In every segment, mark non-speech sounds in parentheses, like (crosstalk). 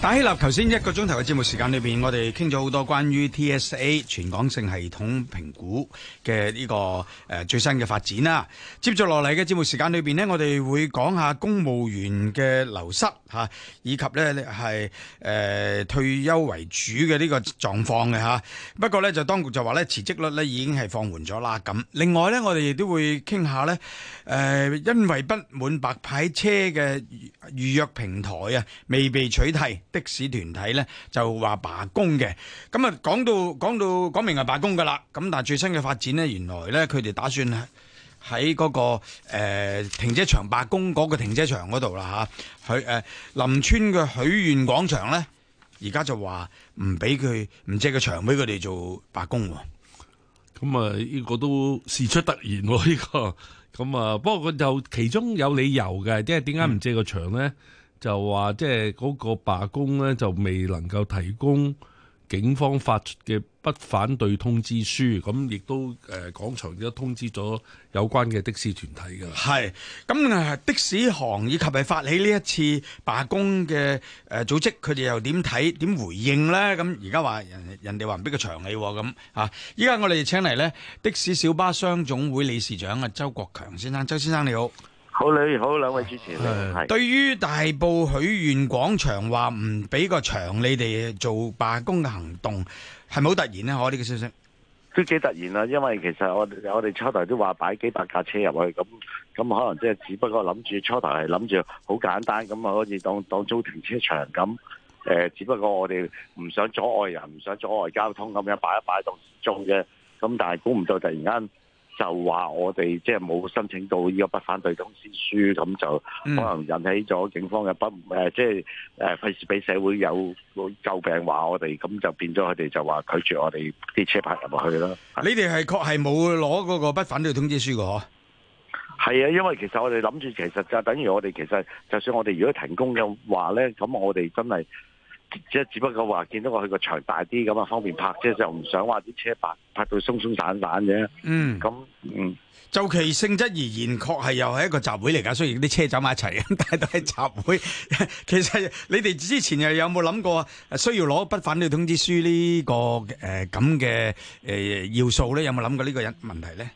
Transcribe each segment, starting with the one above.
打希臘頭先一個鐘頭嘅節目時間裏邊，我哋傾咗好多關於 TSA 全港性系統評估嘅呢、這個誒、呃、最新嘅發展啦、啊。接住落嚟嘅節目時間裏邊呢，我哋會講下公務員嘅流失吓、啊，以及呢係誒、呃、退休為主嘅呢個狀況嘅吓。不過呢就當局就話呢辭職率咧已經係放緩咗啦。咁另外呢我哋亦都會傾下呢誒，因為不滿白牌車嘅預約平台啊，未被取締。的士團體咧就話罷工嘅，咁啊講到講到講明係罷工噶啦，咁但係最新嘅發展咧，原來咧佢哋打算喺嗰、嗰個呃、個停車場罷工嗰個停車場嗰度啦吓，許誒林村嘅許願廣場咧，而家就話唔俾佢唔借個場俾佢哋做罷工，咁啊呢、呢個都事出突然喎呢、呢個，咁啊不過佢就其中有理由嘅，即係點解唔借個場咧？嗯就話即係嗰個罷工咧，就未能夠提供警方發出嘅不反對通知書，咁亦都誒廣場亦都通知咗有關嘅的、的士團體㗎。係咁啊！的士行以及係發起呢一次罷工嘅誒組織，佢哋又點睇點回應咧？咁而家話人人哋話唔俾佢長氣咁啊！依家我哋請嚟咧的士小巴商總會理事長啊周國強先生，周先生你好。好，你好，好兩位主持人。誒、嗯，對於大埔許願廣場，話唔俾個場你哋做罷工嘅行動，係咪好突然呢？我呢個消息都幾突然啊！因為其實我我哋初頭都話擺幾百架車入去，咁咁可能即係只不過諗住初頭係諗住好簡單，咁啊好似當當租停車場咁。誒、呃，只不過我哋唔想阻礙人，唔想阻礙交通咁樣，擺一擺當做嘅。咁但係估唔到突然間。就話我哋即係冇申請到呢個不反對通知書，咁就可能引起咗警方嘅不誒、呃，即係誒費事俾社會有個咒病話我哋，咁就變咗佢哋就話拒絕我哋啲車牌入去咯。你哋係確係冇攞嗰個不反對通知書㗎？係啊，因為其實我哋諗住，其實就等於我哋其實，就算我哋如果停工嘅話咧，咁我哋真係。即係只不過話見到我去個場大啲咁啊，方便拍車，就唔想話啲車拍拍到鬆鬆散散嘅。嗯，咁嗯，就其性質而言，確係又係一個集會嚟噶。雖然啲車走埋一齊，但係都係集會。其實你哋之前又有冇諗過需要攞不反對通知書呢個誒，咁嘅誒要素咧？有冇諗過呢個人問題咧？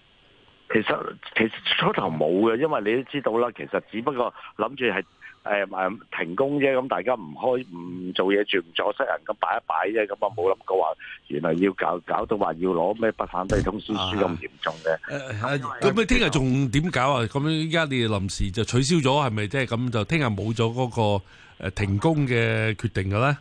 其實其實初頭冇嘅，因為你都知道啦。其實只不過諗住係。誒，咪停工啫，咁大家唔開唔做嘢住，唔阻塞人，咁擺一擺啫，咁啊冇諗過話，原來要搞搞到話要攞咩不反對通知書咁嚴重嘅。咁你，聽日仲點搞啊？咁樣依家你哋臨時就取消咗，係咪即係咁就聽日冇咗嗰個誒停工嘅決定嘅咧？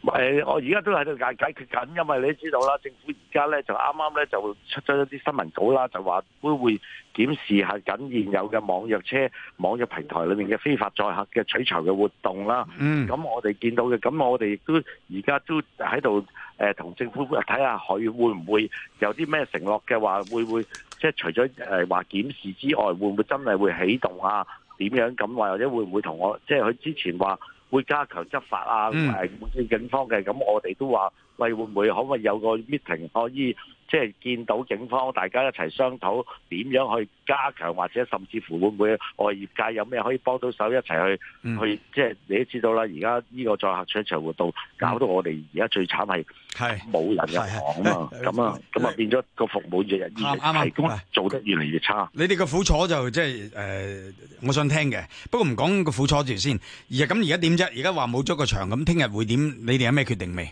誒、嗯呃，我而家都喺度解解決緊，因為你知道啦，政府而家咧就啱啱咧就出咗一啲新聞稿啦，就話會會檢視下緊現有嘅網約車、網約平台裏面嘅非法載客嘅取酬嘅活動啦。嗯，咁我哋見到嘅，咁我哋亦都而家都喺度誒同政府睇下，佢會唔會有啲咩承諾嘅話，會唔會即係除咗誒話檢視之外，會唔會真係會起動啊？點樣咁，或者會唔會同我即係佢之前話？會加強執法啊，同埋會見警方嘅，咁我哋都話：喂，會唔會？可唔可以有個 meeting 可以？即係見到警方，大家一齊商討點樣去加強，或者甚至乎會唔會外業界有咩可以幫到手一齊去去？嗯、即係你都知道啦，而家呢個載客場一場活動搞到我哋而家最慘係係冇人入行啊嘛！咁啊咁啊變咗個服務業人啱啱做得越嚟越差。你哋個苦楚就即係誒，我想聽嘅。不過唔講個苦楚住先。而咁而家點啫？而家話冇咗個場，咁聽日會點？你哋有咩決定未？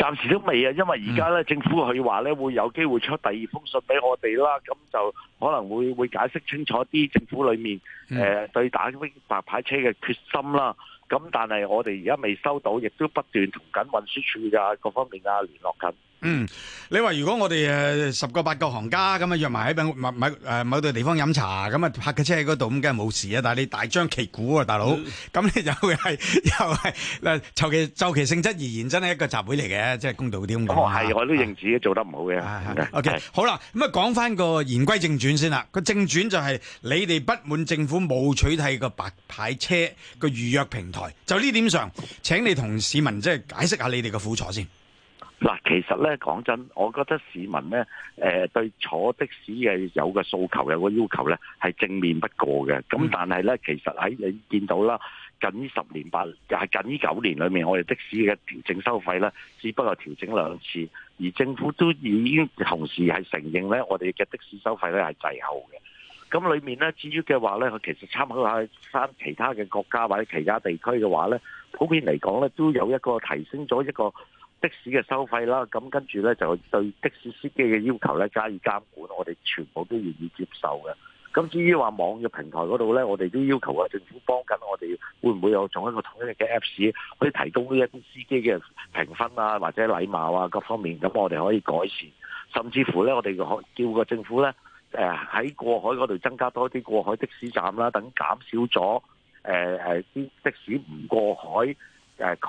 暫時都未啊，因為而家咧政府佢話咧會有機會出第二封信俾我哋啦，咁就可能會會解釋清楚啲政府裡面誒、呃、對打呢啲白牌車嘅決心啦。咁但係我哋而家未收到，亦都不斷同緊運輸處啊各方面啊聯絡緊。嗯，你話如果我哋誒十個八個行家咁啊約埋喺邊，咪誒某度地方飲茶，咁啊泊架車喺嗰度，咁梗係冇事啊！但係你大張旗鼓啊，大佬，咁、嗯、你就係又係誒，就其就其性質而言，真係一個集會嚟嘅，即、就、係、是、公道啲咁講。係、哦嗯，我都認自己、啊、做得唔好嘅。啊、o、okay、K，好啦，咁啊講翻個言歸正傳先啦。個正傳就係你哋不滿政府冇取締個白牌車個預約平台，就呢點上，請你同市民即係解釋下你哋嘅苦楚先。嗱，其實咧講真，我覺得市民咧，誒、呃、對坐的士嘅有個訴求，有個要求咧，係正面不過嘅。咁但係咧，其實喺你見到啦，近依十年八，係近依九年裏面，我哋的士嘅調整收費咧，只不過調整兩次，而政府都已經同時係承認咧，我哋嘅的，的士收費咧係滯後嘅。咁裏面咧，至於嘅話咧，佢其實參考下翻其他嘅國家或者其他地區嘅話咧，普遍嚟講咧，都有一個提升咗一個，的士嘅收費啦，咁跟住呢，就對的士司機嘅要求呢，加以監管，我哋全部都願意接受嘅。咁至於話網嘅平台網約平台嗰度呢，我哋都要求啊，政府幫緊我哋，會唔會有做一個統一嘅 Apps 可以提供呢一啲司機嘅評分啊，或者禮貌啊各方面，咁我哋可以改善。甚至乎呢，我哋可叫個政府呢，誒喺過海嗰度增加多啲過海的士站啦，等減少咗誒誒啲的士唔過海誒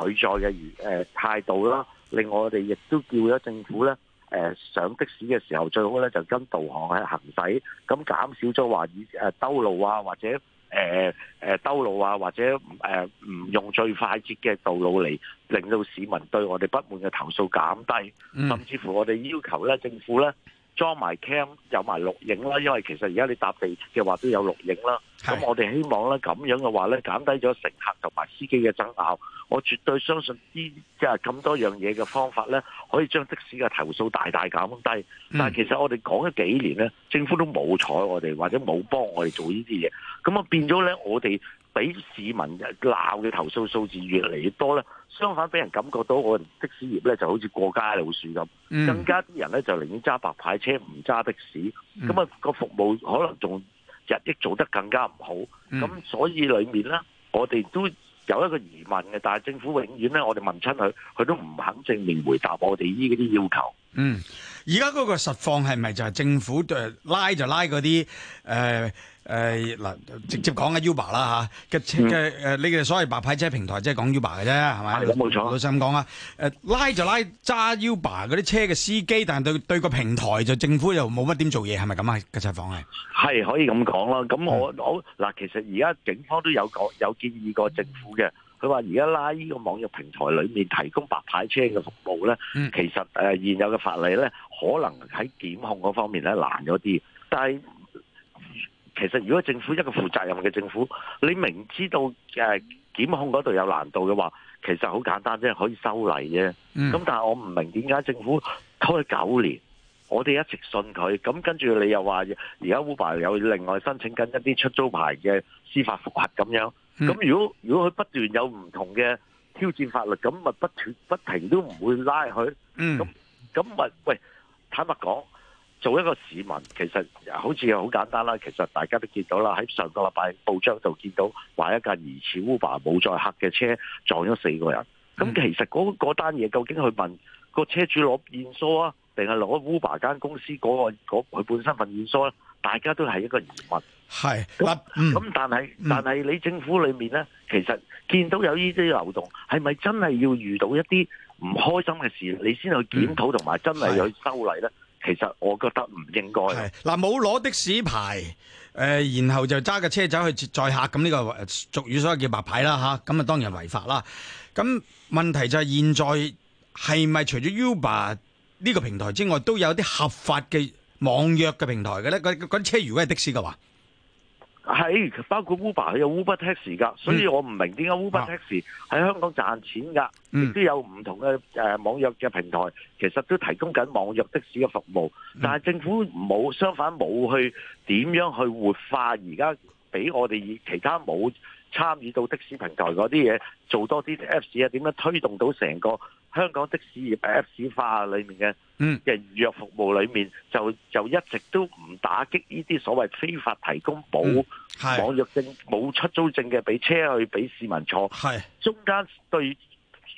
拒載嘅如態度啦。令我哋亦都叫咗政府呢，誒、呃、上的士嘅時候最好呢，就跟導航去行駛，咁減少咗話以誒兜路啊，或者誒誒兜路啊，或者誒唔用最快捷嘅道路嚟，令到市民對我哋不滿嘅投訴減低，甚至乎我哋要求呢政府呢，裝埋 cam 有埋錄影啦，因為其實而家你搭地鐵嘅話都有錄影啦。咁、嗯、我哋希望咧咁樣嘅話咧，減低咗乘客同埋司機嘅爭拗。我絕對相信呢即係咁多樣嘢嘅方法咧，可以將的士嘅投訴大大減低。但其實我哋講咗幾年咧，政府都冇睬我哋，或者冇幫我哋做呢啲嘢。咁啊變咗咧，我哋。俾市民鬧嘅投訴數字越嚟越多咧，相反俾人感覺到我的，的士業咧就好似過街老鼠咁，嗯，更加啲人咧就寧願揸白牌車唔揸的士，咁、嗯、啊、那個服務可能仲日益做得更加唔好，咁、嗯、所以裏面咧，我哋都有一個疑問嘅，但係政府永遠咧，我哋問親佢，佢都唔肯正面回答我哋呢啲要求。嗯，而家嗰個實況係咪就係政府對拉就拉嗰啲誒？呃誒，嗱，直接講啊，Uber 啦嚇，嘅嘅誒，呢、啊、個所謂白牌車平台是，即係講 Uber 嘅啫，係咪？冇錯。老實咁講啊，誒拉就拉，揸 Uber 嗰啲車嘅司機，但係對對個平台就政府又冇乜點做嘢，係咪咁啊？嘅情況係係可以咁講咯。咁我、嗯、我嗱，其實而家警方都有講，有建議過政府嘅，佢話而家拉呢個網約平台裡面提供白牌車嘅服務咧、嗯，其實誒、呃、現有嘅法例咧，可能喺檢控嗰方面咧難咗啲，但係。其實如果政府一個負責任嘅政府，你明知道誒檢、呃、控嗰度有難度嘅話，其實好簡單啫，可以修例啫。咁、嗯、但係我唔明點解政府拖咗九年，我哋一直信佢。咁跟住你又話而家 Uber 有另外申請緊一啲出租牌嘅司法覆核咁樣。咁、嗯、如果如果佢不斷有唔同嘅挑戰法律，咁咪不停不停都唔會拉佢。咁咁咪喂，坦白講。做一個市民，其實好似好簡單啦。其實大家都見到啦，喺上個禮拜報章就見到話一架疑似 Uber 冇載客嘅車撞咗四個人。咁、嗯、其實嗰單嘢究竟去問個車主攞驗數啊，定係攞 Uber 間公司嗰、嗰個佢、嗰個嗰個、本身份驗數咧？大家都係一個疑問。係咁、嗯、但係、嗯、但係你政府裏面咧，其實見到有呢啲漏洞係咪真係要遇到一啲唔開心嘅事，你先去檢討同埋、嗯、真係去修例咧？其實我覺得唔應該係嗱，冇攞的士牌，誒、呃，然後就揸架車走去接載客，咁呢個俗語所謂叫白牌啦吓，咁啊當然違法啦。咁問題就係現在係咪除咗 Uber 呢個平台之外，都有啲合法嘅網約嘅平台嘅咧？嗰啲車如果係的士嘅話？係，包括 Uber 佢有 UberTaxi 噶，所以我唔明點解 UberTaxi 喺香港賺錢噶，亦都有唔同嘅，誒、呃、網約嘅平台，其實都提供緊網約的士嘅服務，但係政府冇，相反冇去點樣去活化而家俾我哋以其他冇。參與到的士平台嗰啲嘢，做多啲 Apps 啊，點樣推動到成個香港的士業 Apps 化裏面嘅嘅預約服務裏面，就就一直都唔打擊呢啲所謂非法提供冇網約證、冇、嗯、出租證嘅俾車去俾市民坐，中間對。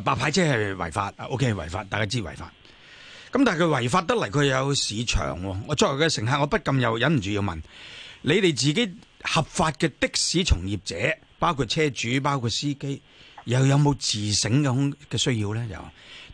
白牌車係違法，OK 違法，大家知違法。咁但係佢違法得嚟，佢有市場。我作為嘅乘客，我不禁又忍唔住要問：你哋自己合法嘅的,的士從業者，包括車主，包括司機？又有冇自省嘅需嘅需要咧？又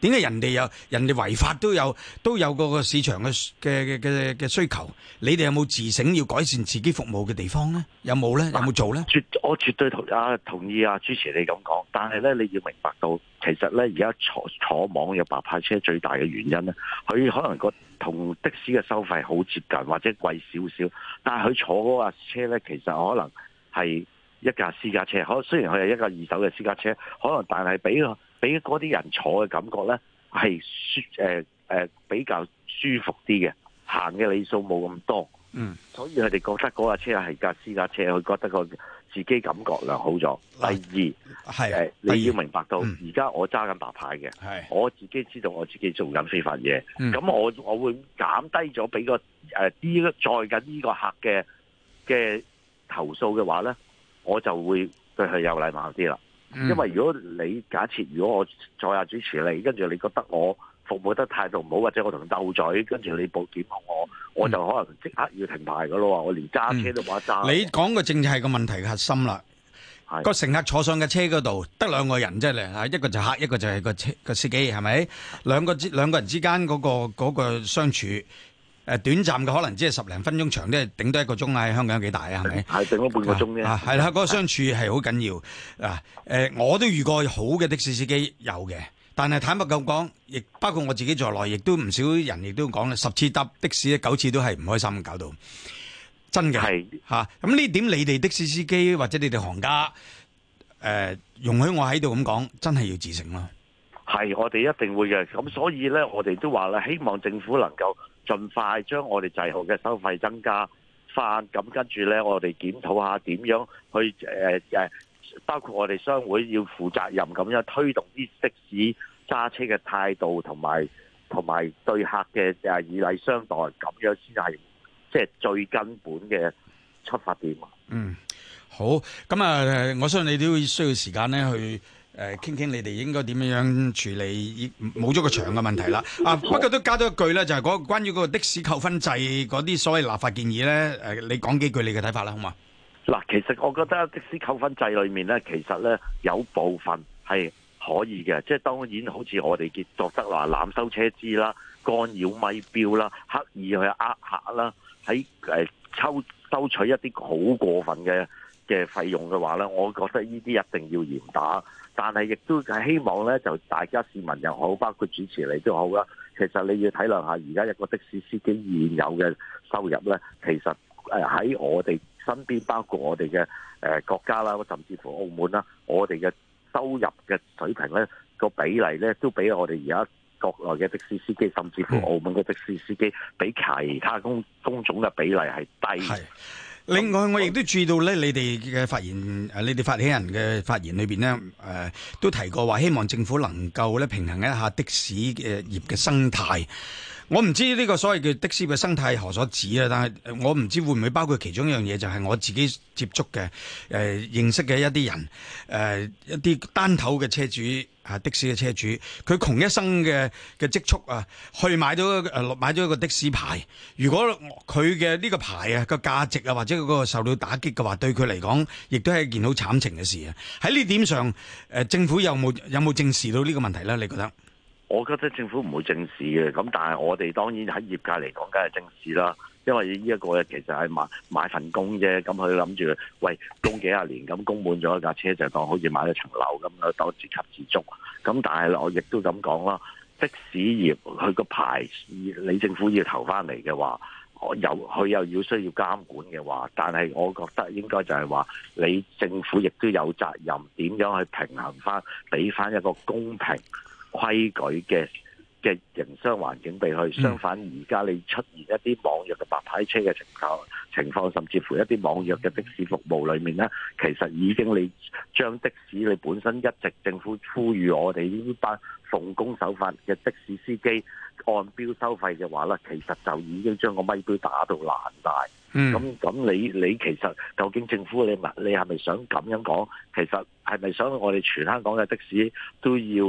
點解人哋又人哋違法都有都有個個市場嘅嘅嘅嘅需求？你哋有冇自省要改善自己服務嘅地方咧？有冇咧？有冇做咧？絕我絕對同阿同意阿主、啊、持你咁講，但係咧，你要明白到其實咧，而家坐坐網有白牌車最大嘅原因咧，佢可能個同的士嘅收費好接近或者貴少少，但係佢坐嗰架車咧，其實可能係。一架私家車，可雖然佢係一架二手嘅私家車，可能但係比比嗰啲人坐嘅感覺咧，係舒誒誒、呃呃、比較舒服啲嘅，行嘅里數冇咁多，嗯，所以佢哋覺得嗰架車係架私家車，佢覺得個自己感覺良好咗、嗯。第二係、啊呃、你要明白到，而、嗯、家我揸緊白牌嘅，係、啊、我自己知道我自己做緊非法嘢，咁、嗯、我我會減低咗俾個誒呢載緊呢個客嘅嘅投訴嘅話咧。我就會對佢有禮貌啲啦，因為如果你假設如果我再下主持你，跟住你覺得我服務得態度唔好，或者我同你鬥嘴，跟住你報檢控我，我就可能即刻要停牌噶喇喎。我連揸車都冇得揸。你講嘅正正係個問題嘅核心啦，個乘客坐上嘅車嗰度得兩個人啫，你嚇一個就客，一個就係個車個司機，係咪？兩個之兩個人之間嗰個嗰個相處。誒，短暫嘅可能只係十零分鐘，長啲係頂多一個鐘啦。喺香港幾大啊，係咪？係頂多半個鐘啫。係、啊、啦，嗰個相處係好緊要嗱。誒、啊，我都遇過好嘅的，的士司機有嘅，但係坦白咁講，亦包括我自己在內，亦都唔少人亦都講十次搭的士，九次都係唔開心，搞到真嘅係吓。咁呢、啊、點你哋的士司機或者你哋行家，誒、啊，容許我喺度咁講，真係要自省啦。係，我哋一定會嘅。咁所以咧，我哋都話啦，希望政府能夠。盡快將我哋滯後嘅收費增加翻，咁跟住呢，我哋檢討下點樣去誒、誒，包括我哋商會要負責任咁樣推動啲的士揸車嘅態度，同埋同埋對客嘅以禮相待，咁樣先係即係最根本嘅出發點。嗯，好，咁啊，我相信你都需要時間呢去。誒，傾傾你哋應該點樣處理冇咗個牆嘅問題啦。 (laughs) 啊，不過都加多一句咧，就係、係、嗰關於個的士扣分制嗰啲所謂立法建議咧。誒，你講幾句你嘅睇法啦，好嘛？嗱，其實我覺得的士扣分制裏面咧，其實咧有部分係可以嘅。即係當然好像，好似我哋傑作得話濫收車資啦、干擾咪錶啦、刻意去呃客啦、喺誒抽收取一啲好過分嘅。嘅費用嘅話呢，我覺得呢啲一定要嚴打，但係亦都係希望呢，就大家市民又好，包括主持你都好啦。其實你要體諒下，而家一個的士司機現有嘅收入呢，其實誒喺我哋身邊，包括我哋嘅誒國家啦，甚至乎澳門啦，我哋嘅收入嘅水平呢，個比例呢，都比我哋而家國內嘅的，的士司機，甚至乎澳門嘅的，的士司機，比其他工工種嘅比例係低。另外，我亦都注意到咧，你哋嘅發言，你哋發起人嘅發言裏面呢誒、呃，都提過話，希望政府能夠咧平衡一下的士嘅業嘅生態。我唔知呢個所謂嘅的士嘅生態何所指啊！但係我唔知會唔會包括其中一樣嘢，就係、是、我自己接觸嘅誒、呃、認識嘅一啲人、呃、一啲單頭嘅車主啊，的士嘅車主，佢窮一生嘅嘅積蓄啊，去買咗誒買咗一個的士牌。如果佢嘅呢個牌啊個價值啊或者嗰個受到打擊嘅話，對佢嚟講亦都係一件好慘情嘅事啊！喺呢點上、啊，政府有冇有冇正視到呢個問題咧？你覺得？我覺得政府唔會正視嘅，咁但係我哋當然喺業界嚟講，梗係正視啦。因為呢一個咧，其實係買買份工啫。咁佢諗住，喂供幾廿年，咁供滿咗一架車，就當好似買咗層樓咁，當自給自足。咁但係我亦都咁講啦，即使而佢個牌子，你政府要投翻嚟嘅話，又佢又要需要監管嘅話，但係我覺得應該就係話，你政府亦都有責任點樣去平衡翻，俾翻一個公平。規矩嘅嘅營商環境被去，相反而家、嗯、你出現一啲網約嘅白牌車嘅情況。情況甚至乎一啲網約嘅的，的士服務裏面呢，其實已經你將的士你本身一直政府呼籲我哋呢班奉公守法嘅的，的士司機按錶收費嘅話呢，其實就已經將個咪錶打到爛晒。嗯、mm，咁咁你你其實究竟政府你咪係咪想咁樣講？其實係咪想我哋全香港嘅的，的士都要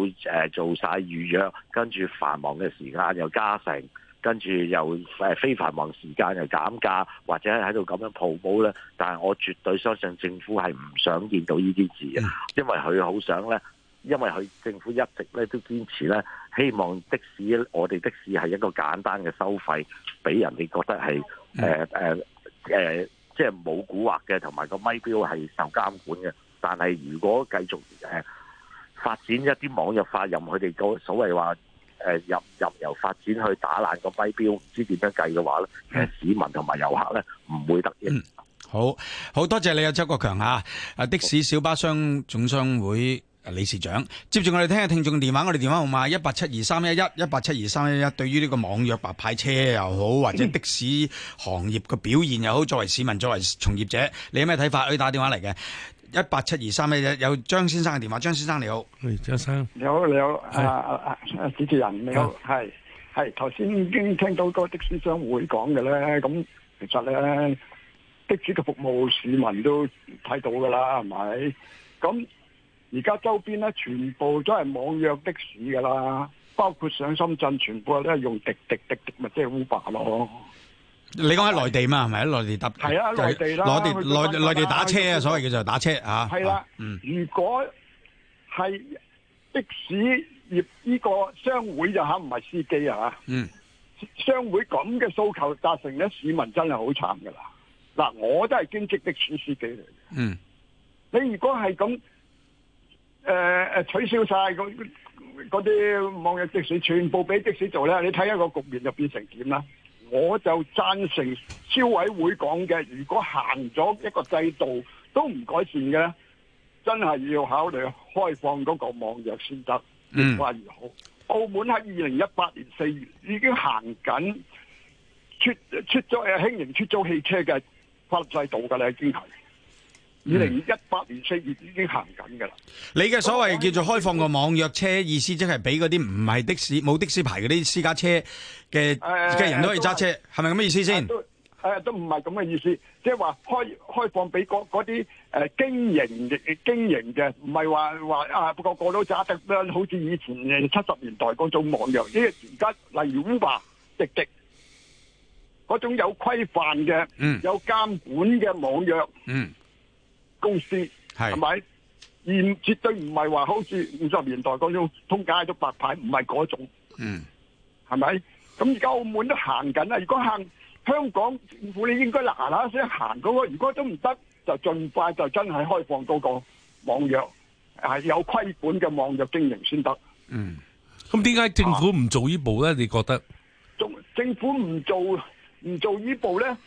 做晒預約，跟住繁忙嘅時間又加成？跟住又誒非繁忙時間又減價，或者喺度咁樣抱煲咧。但係我絕對相信政府係唔想見到呢啲字啊，因為佢好想咧，因為佢政府一直咧都堅持咧，希望的士我哋的士係一個簡單嘅收費，俾人哋覺得係誒誒誒，即係冇蠱惑嘅，同埋個咪錶係受監管嘅。但係如果繼續誒、呃、發展一啲網約發任，佢哋所謂話，誒、呃，任任由發展去打爛個咪錶，唔知點樣計嘅話咧，市民同埋遊客咧唔會得益、嗯。好，好多謝你啊，周國強嚇，啊的士小巴商總商會理事長。接住我哋聽下聽,聽眾電話，我哋電話號碼一八七二三一一一八七二三一一。172 311, 172 311, 對於呢個網約白牌車又好，或者的士行業嘅表現又好，作為市民、作為從業者，你有咩睇法？可以打電話嚟嘅。一八七二三一一有張先生嘅電話，張先生你好，張先生你好。你好啊，啊主持人你好。係係頭先已經聽到個的士商會講嘅咧，咁其實咧的士嘅服務市民都睇到噶啦，係咪？咁而家周邊咧全部都係網約的士噶啦，包括上深圳全部都係用滴滴滴滴滴，咪即係 Uber 咯。哦你講喺內地嘛？係咪喺內地搭？係啊，內、就是、地啦，內、就是、地內內地，地打車，是謂打車啊，所謂叫做打車啊。係啦，嗯，如果係的士業呢個商會就吓唔係司機啊吓。嗯。商會咁嘅訴求達成咧，市民真係好慘噶啦。嗱，我都係兼職的士司機嚟。嗯。你如果係咁，誒、呃、誒取消晒嗰啲網約的士，全部俾的士做咧，你睇一個局面就變成點啦？我就贊成消委會講嘅，如果行咗一個制度都唔改善嘅咧，真係要考慮開放嗰個網約先得，越快越好，嗯。澳門喺二零一八年四月已經行緊出出租，出租輕型出租汽車嘅法律制度嘅咧，已經係。二零一八年四月已經行緊噶啦。你嘅所謂叫做開放個網約車，意思即係俾嗰啲唔係的士，冇的士牌嗰啲私家車嘅嘅人都可以揸車，係咪咁嘅意思先、呃？都誒、呃、都唔係咁嘅意思，即係話開開放俾嗰啲誒經營嘅經營嘅，唔係話話啊個個都揸得好似以前七十年代嗰種網約車。而、就是、家，例如 Uber 滴滴嗰種有規範嘅，mm. 有監管嘅網約車。Mm. 公司係咪？而絕對唔係話好似五十年代嗰種通街都白牌，唔係嗰種。嗯，係咪？咁而家澳門都行緊啦。如果行，香港政府，你應該嗱嗱聲行嗰個。如果都唔得，就儘快就真係開放嗰個網約係有規管嘅網約經營先得。嗯，咁點解政府唔做步呢步咧、啊？你覺得？仲政府唔做唔做步呢步咧？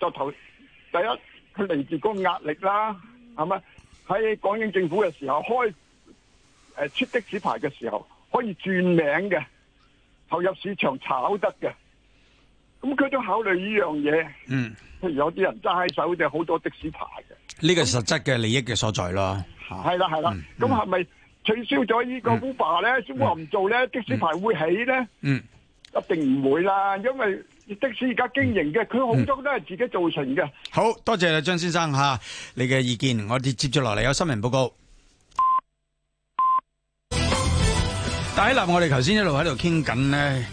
就頭第一，佢嚟自個壓力啦。係咪喺港英政府嘅時候開誒出，呃、的士牌嘅時候可以轉名嘅投入市場炒得嘅？咁佢都考慮呢樣嘢。嗯，譬如有啲人揸喺手嘅好多的士牌嘅。呢個實質嘅利益嘅所在咯。係啦係啦，咁係咪取消咗呢個 Uber 咧？小黃唔做咧，嗯，的士牌會起咧？嗯，一定唔會啦，因為。的士而家經營嘅，佢好多都係自己做成嘅，嗯。好多謝張先生嚇，啊，你嘅意見，我哋接住落嚟有新聞報告。第一啦， (noise) 我哋頭先一路喺度傾緊呢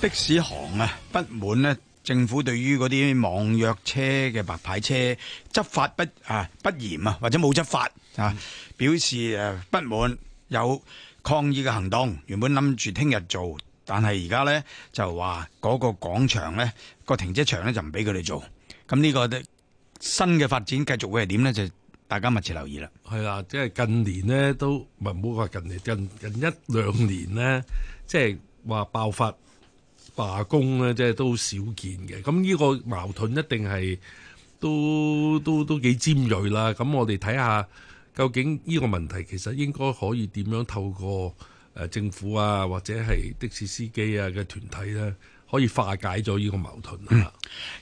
的士行啊，不滿呢政府對於嗰啲網約車嘅白牌車執法不啊不嚴啊，或者冇執法啊，表示誒，啊、不滿，有抗議嘅行動。原本諗住聽日做。但係而家咧就話嗰個廣場咧，個停車場咧就唔俾佢哋做，咁呢個新嘅發展繼續會係點咧？就大家密切留意啦。係啦，即係近年咧都唔好冇話近年近近一兩年咧，即係話爆發罷工咧，即係都少見嘅。咁呢個矛盾一定係都都都幾尖鋭啦。咁我哋睇下究竟呢個問題其實應該可以點樣透過，誒政府啊，或者係的士司機啊嘅團體咧，啊，可以化解咗呢個矛盾啊！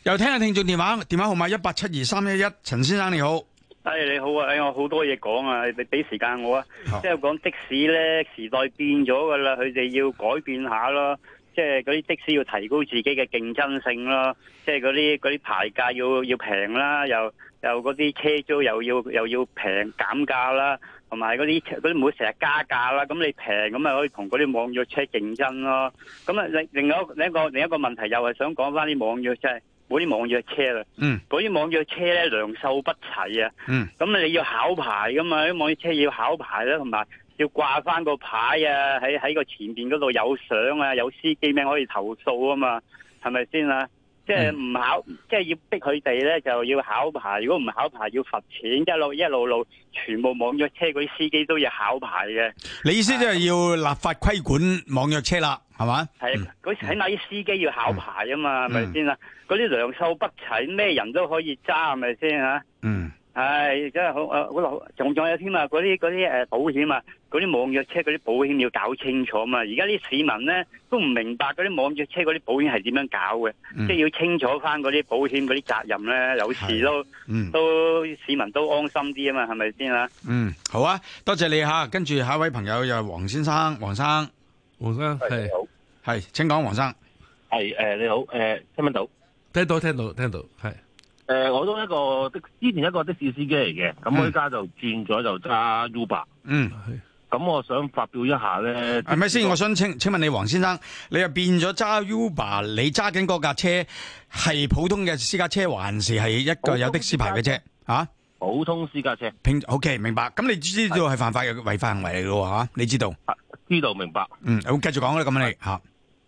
又、嗯、聽下聽眾電話，電話號碼一八七二三一一，陳先生你好。誒你好啊，誒我好多嘢講啊，你俾時間我啊，即係講的士咧時代變咗噶啦，佢哋要改變下咯，即係嗰啲的士要提高自己嘅競爭性咯，即係嗰啲嗰啲牌價要要平啦，又又嗰啲車租又要又要平減價啦。同埋嗰啲嗰啲唔會成日加價啦，咁你平咁咪可以同嗰啲網約車競爭咯。咁啊另另外另一個另一個問題又係想講翻啲網約車，嗰啲網約車啦，嗯，嗰啲網約車咧良莠不齊啊，嗯，咁你要考牌噶嘛？啲網約車要考牌啦，同埋要掛翻個牌啊，喺喺個前邊嗰度有相啊，有司機名可以投訴啊嘛，係咪先啊？即係唔考，即係要逼佢哋咧就要考牌。如果唔考牌，要罰錢。一路一路路，全部網約車嗰啲司機都要考牌嘅。你意思即係要立法規管網約車啦，係嘛？係，起碼啲司機要考牌啊嘛，係咪先啊？嗰啲、嗯、良莠不齊，咩人都可以揸，係咪先吓？嗯。係、哎、真係好誒，好老仲有添啊！嗰啲啲誒保險啊，嗰啲網約車嗰啲保險要搞清楚嘛。而家啲市民咧都唔明白嗰啲網約車嗰啲保險係點樣搞嘅、嗯，即係要清楚翻嗰啲保險嗰啲責任咧，有事都、嗯、都市民都安心啲啊嘛，係咪先啊？嗯，好啊，多謝你吓。跟、啊、住下一位朋友又係王先生，王先生，王生係，係，請講，王生係誒，你好誒、呃呃，聽唔到，聽到，聽到，聽到，係。誒、呃，我都一個的，之前一個的士司機嚟嘅，咁我依家就轉咗就揸 Uber 嗯。嗯，咁我想發表一下咧。係咪先？我想請，請問你黃先生，你又變咗揸 Uber？你揸緊嗰架車係普通嘅私家車，還是係一個有的士牌嘅車，車啊？普通私家車。拼。O、OK, K，明白。咁你知道係犯法嘅違法行為嚟嘅喎吓？你知道？知道，明白。嗯，好，繼續講啦，咁你。嚟。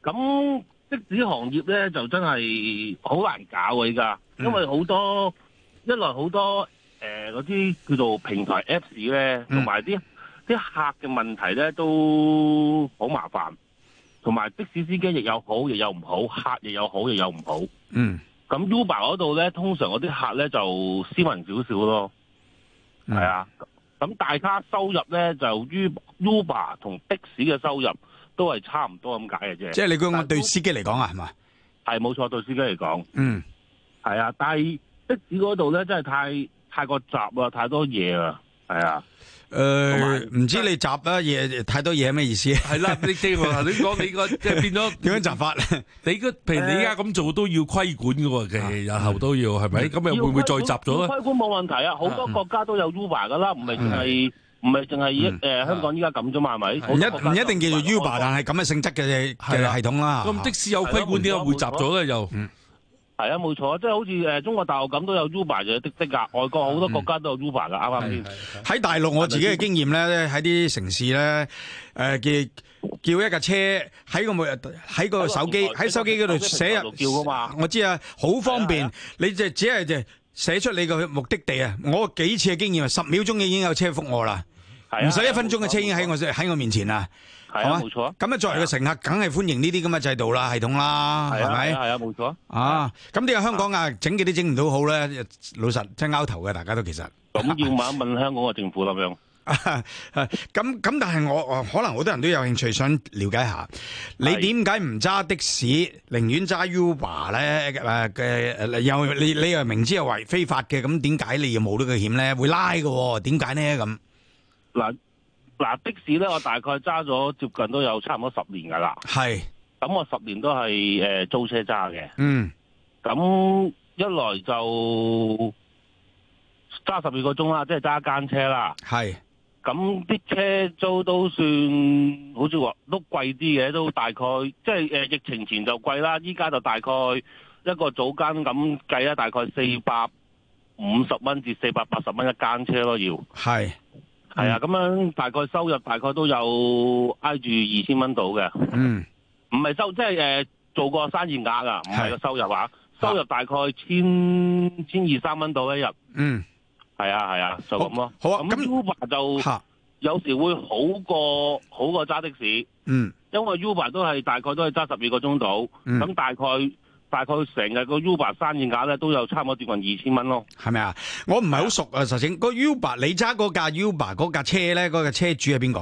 咁、啊、的士行業咧，就真係好難搞啊！依家。嗯、因為好多一來好多誒嗰啲叫做平台 Apps 咧，同埋啲啲客嘅問題咧都好麻煩，同埋的士司機亦有好，亦有唔好，客亦有好，亦有唔好。嗯。咁 Uber 嗰度咧，通常嗰啲客咧就斯文少少咯。係、嗯、啊。咁大家收入咧就 Uber 同的士嘅收入都係差唔多咁解嘅啫。即係你講我對司機嚟講啊，係嘛？係冇錯，對司機嚟講。嗯。係啊，但係的士嗰度咧，真係太太過雜啊，太多嘢啊，係啊，誒，唔知你雜得嘢，太多嘢係咩意思？係啦，你正如你講，你個即係變咗點樣雜法咧？你個譬如你依家咁做都要規管噶喎，其實日後都要係咪？咁又會唔會再雜咗咧？規管冇問題啊，好多國家都有 Uber 噶啦，唔係淨係唔係淨係一誒香港依家咁啫嘛？係咪？唔一唔一定叫做 Uber，但係咁嘅性質嘅嘅系統啦。咁的士有規管，點解會雜咗咧？又？係啊，冇錯啊，即係好似誒中國大學咁都有 Uber，就的的噶。外國好多國家都有 Uber 噶，啱唔啱先？喺大陸我自己嘅經驗咧，喺啲城市咧，誒叫叫一架車喺個冇喺嗰個手機喺手機嗰度寫入，我知啊，好方便。你就只係就寫出你個目的地啊。我幾次嘅經驗啊，十秒鐘已經有車覆我啦，唔使一分鐘嘅車已經喺我喺我面前啦。係嘛，冇錯。咁啊，作為個乘客，梗係歡迎呢啲咁嘅制度啦、系統啦，係咪？係啊，冇錯。啊，咁點解香港啊整嘅都整唔到好咧，老實真拗頭嘅，大家都其實。咁要問一問香港嘅政府咁樣。咁咁，但係我我可能好多人都有興趣想了解下，你點解唔揸的士，寧願揸 Uber 咧？誒嘅又你你又明知係違非法嘅，咁點解你要冒呢個險咧？會拉㗎，點解咧咁？嗱。嗱，的士咧，我大概揸咗接近都有差唔多十年噶啦。係，咁我十年都係誒、呃、租車揸嘅。嗯，咁一來就揸十二個鐘啦，即係揸一間車啦。係，咁啲車租都算好似話都貴啲嘅，都大概即係、就是、疫情前就貴啦，依家就大概一個早間咁計啦，大概四百五十蚊至四百八十蚊一間車咯要。係。係、mm. 啊，咁樣大概收入大概都有挨住二千蚊到嘅。嗯、mm.，唔係收即係誒、呃，做過生意額啊，唔係個收入啊。收入大概千千二三蚊到一日。嗯，係、mm. 啊係啊，啊，就咁、是、咯。好啊，咁 Uber 就有時會好過好過揸的士。嗯、mm.，因為 Uber 都係大概都係揸十二個鐘到。嗯，咁大概。大概成日個 Uber 生意額咧都有差唔多接近二千蚊咯，係咪啊？我唔係好熟啊，頭先個 Uber 你揸嗰架 Uber 嗰架車咧，嗰個車主係邊個？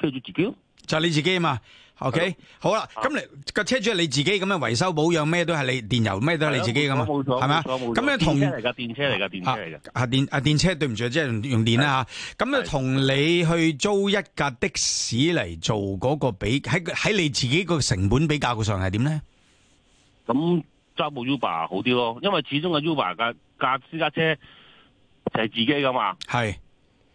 車主自己？就係、是、你自己啊嘛。OK，好啦，咁、啊、你個車主係你自己，咁樣維修保養咩都係你電油，咩都係你自己㗎嘛，係咪咁咧？電車嚟㗎，電車嚟㗎，電車嚟㗎。係電，啊，啊，電啊！電車對唔住，即係用電啦嚇。咁咧同你去租一架的士嚟做嗰個比喺喺你自己個成本比較上係點咧？咁揸部 Uber 好啲咯，因為始終個 Uber 架架私家車就係自己噶嘛，係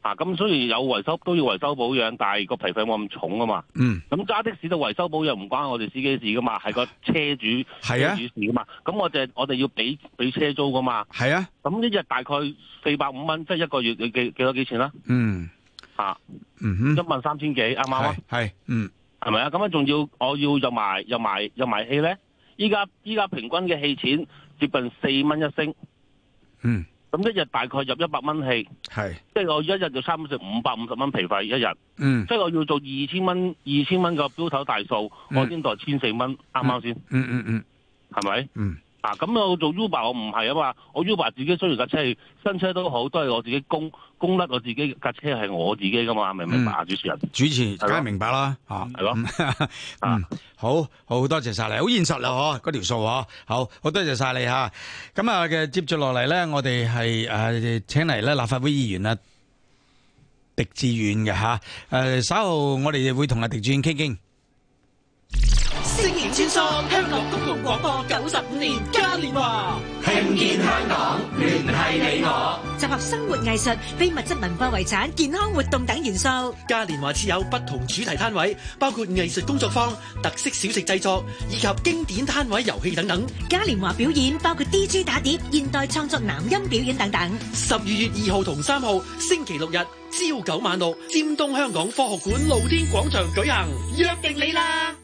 啊，咁雖然有維修都要維修保養，但係個皮費冇咁重啊嘛。嗯，咁揸的士就維修保養唔關我哋司機事噶嘛，係、啊、個車主、啊、車主事噶嘛。咁我哋我哋要俾俾車租噶嘛。係啊，咁一日大概四百五蚊，即係一個月幾幾多幾錢啦、啊？嗯，啊，嗯一萬三千幾啱唔啱係，嗯，係咪啊？咁啊，仲要我要入埋入埋入埋氣咧？依家依家平均嘅氣錢接近四蚊一升，嗯，咁一日大概入一百蚊氣，係，即係我一日就差唔多成五百五十蚊皮費一日，嗯，即係我要做二千蚊二千蚊嘅標頭大數，我先代千四蚊啱啱先？嗯嗯嗯，係咪？嗯。剛剛咁、啊、我做 Uber 我唔係啊嘛，我 Uber 自己雖然架車係新車都好，都係我自己供，供得我自己架車係我自己噶嘛，明唔明白？拿、嗯、主持人主持，大家明白啦，啊係咯、嗯嗯，好，好多謝晒你，好現實咯嗬，嗰條數嗬，好，好多謝晒你吓。咁啊嘅，接住落嚟咧，我哋係誒請嚟咧立法會議員啊，狄志遠嘅吓，誒、呃、稍後我哋會同阿狄志遠傾傾。穿梭香港公共廣播九十五年嘉年華，聽見香港，聯繫你我，集合生活藝術、非物質文化遺產、健康活動等元素。嘉年華設有不同主題攤位，包括藝術工作坊、特色小食製作以及經典攤位遊戲等等。嘉年華表演包括 DJ 打碟、現代創作男音表演等等。十二月二號同三號星期六日朝九晚六，尖東香港科學館露天廣場舉行，約定你啦！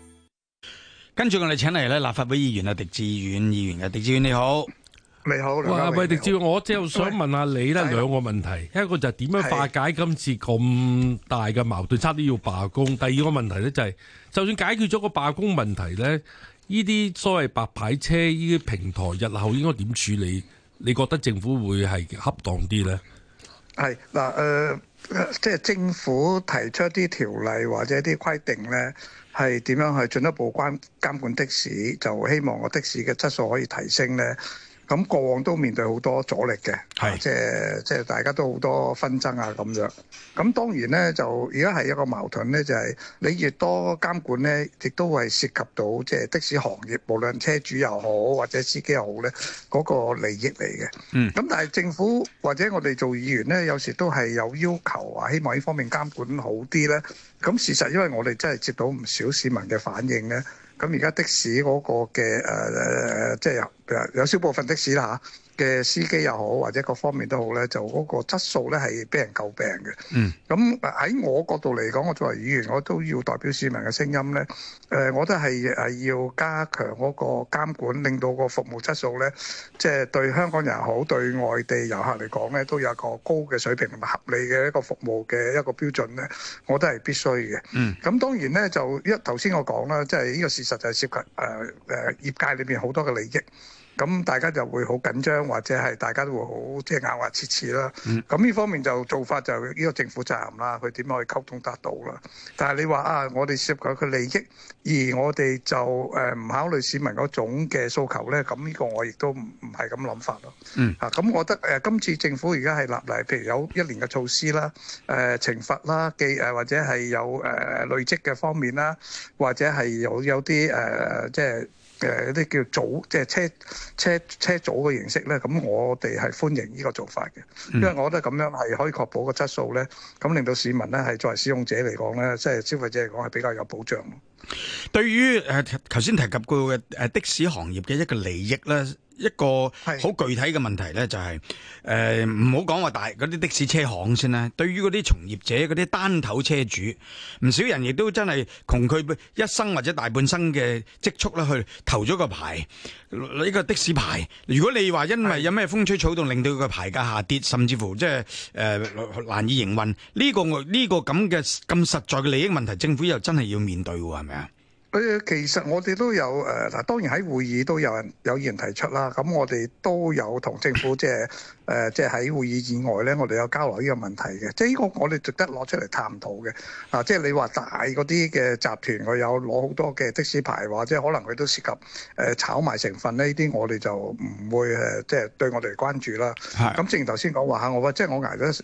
跟住我哋請嚟咧，立法會議員啊，狄志遠議員嘅，狄志遠你好，你好。哇，喂，狄志遠，遠我即係想問下你咧兩個問題，一個就係點樣化解今次咁大嘅矛盾，差啲要罷工；第二個問題咧就係、是，就算解決咗個罷工問題咧，呢啲所謂白牌車呢啲平台日後應該點處理？你覺得政府會係恰當啲咧？係嗱，誒、呃。即係政府提出啲條例或者啲規定咧，係點樣去進一步關監管的士，就希望個的士嘅質素可以提升咧。咁過往都面對好多阻力嘅。啊，即係即係大家都好多紛爭啊咁樣。咁當然咧，就而家係一個矛盾咧，就係、是、你越多監管咧，亦都會涉及到即係的士行業，無論車主又好或者司機又好咧，嗰、那個利益嚟嘅。咁、嗯、但係政府或者我哋做議員咧，有時都係有要求話，希望呢方面監管好啲咧。咁事實，因為我哋真係接到唔少市民嘅反應咧。咁而家的士嗰個嘅誒誒，即係有有少部分的士啦嚇。嘅司機又好，或者各方面都好咧，就嗰個質素咧係俾人詬病嘅。Mm. 嗯。咁喺我角度嚟講，我作為議員，我都要代表市民嘅聲音咧。誒、呃，我都係誒要加強嗰個監管，令到個服務質素咧，即、就、係、是、對香港人好，對外地遊客嚟講咧，都有一個高嘅水平同埋合理嘅一個服務嘅一個標準咧，我都係必須嘅。Mm. 嗯。咁當然咧，就一頭先我講啦，即係呢個事實就係涉及誒誒、呃呃、業界裏邊好多嘅利益。咁大家就會好緊張，或者係大家都會好即係咬牙切齒啦。咁、嗯、呢方面就做法就呢個政府責任啦，佢點樣去溝通得到啦？但係你話啊，我哋涉及佢利益，而我哋就唔、呃、考慮市民嗰種嘅訴求咧，咁、這、呢個我亦都唔唔係咁諗法咯。咁、嗯啊、我覺得、呃、今次政府而家係立例，譬如有一年嘅措施啦，誒、呃、懲罰啦，既、呃、或者係有誒、呃、累積嘅方面啦，或者係有有啲誒、呃呃、即係。誒一啲叫組，即係車車車組嘅形式咧，咁我哋係歡迎呢個做法嘅。嗯，因為我覺得咁樣係可以確保個質素咧，咁令到市民咧係作為使用者嚟講咧，即係消費者嚟講，係比較有保障。對於誒，頭、呃、先提及過嘅誒、啊，的士行業嘅一個利益咧，一個好具體嘅問題咧、就是，就係誒，唔好講話大嗰啲的士車行先啦。對於嗰啲從業者、嗰啲單頭車主，唔少人亦都真係窮佢一生或者大半生嘅積蓄去投咗個牌，呢個的士牌。如果你話因為有咩風吹草動，令到佢個牌價下跌，甚至乎即係誒難以營運，呢、呢個我呢、呢個咁嘅咁實在嘅利益問題，政府又真係要面對嘅係咪？是誒，其實我哋都有誒，嗱，當然喺會議都有人有議員提出啦，咁我哋都有同政府即係。誒、呃，即係喺會議以外咧，我哋有交流呢個問題嘅，即係呢個我哋值得攞出嚟探討嘅。啊，即係你話大嗰啲嘅集團，佢有攞好多嘅的、的士牌，即係可能佢都涉及、呃、炒賣成分呢啲我哋就唔會、呃、即係對我哋關注啦。咁正如頭先講話，我即係我挨咗誒